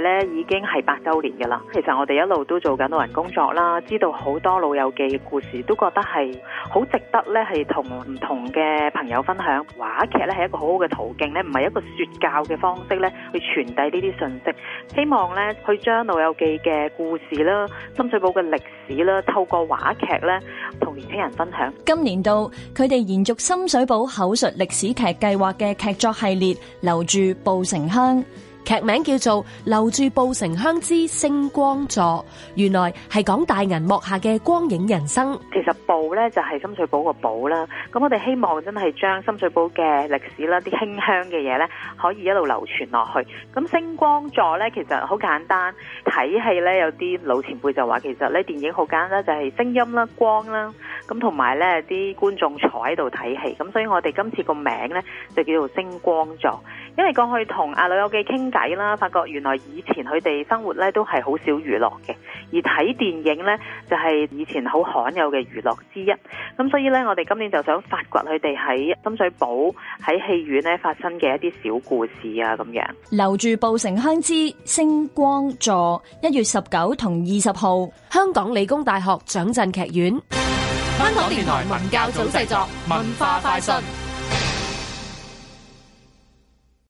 咧，已經係八週年嘅啦。其實我哋一路都做緊老人工作啦，知道好多《老友記》嘅故事，都覺得係好值得咧，係同唔同嘅朋友分享。話劇咧係一個好好嘅途徑咧，唔係一個説教嘅方式咧，去傳遞呢啲信息。希望咧去將《老友記》嘅故事啦、深水埗嘅歷史啦，透過話劇咧，同年輕人分享。今年度佢哋延續深水埗口述歷史劇計劃嘅劇作系列《留住步城鄉》。劇名叫做《留住布城鄉之星光座》，原來係講大銀幕下嘅光影人生。其實布咧就係深水埗個寶啦，咁我哋希望真係將深水埗嘅歷史啦、啲馨香嘅嘢咧，可以一路流傳落去。咁星光座咧，其實好簡單，睇戲咧有啲老前輩就話，其實咧電影好簡單，就係聲音啦、光啦。咁同埋咧，啲觀眾坐喺度睇戲，咁所以我哋今次個名咧就叫做星光座，因為過去同阿老友記傾偈啦，發覺原來以前佢哋生活咧都係好少娛樂嘅，而睇電影咧就係以前好罕有嘅娛樂之一。咁所以咧，我哋今年就想發掘佢哋喺深水埗喺戲院咧發生嘅一啲小故事啊，咁樣留住《布城鄉之星光座》，一月十九同二十號，香港理工大學蔣震劇院。香港電台文教組製作，文化快訊。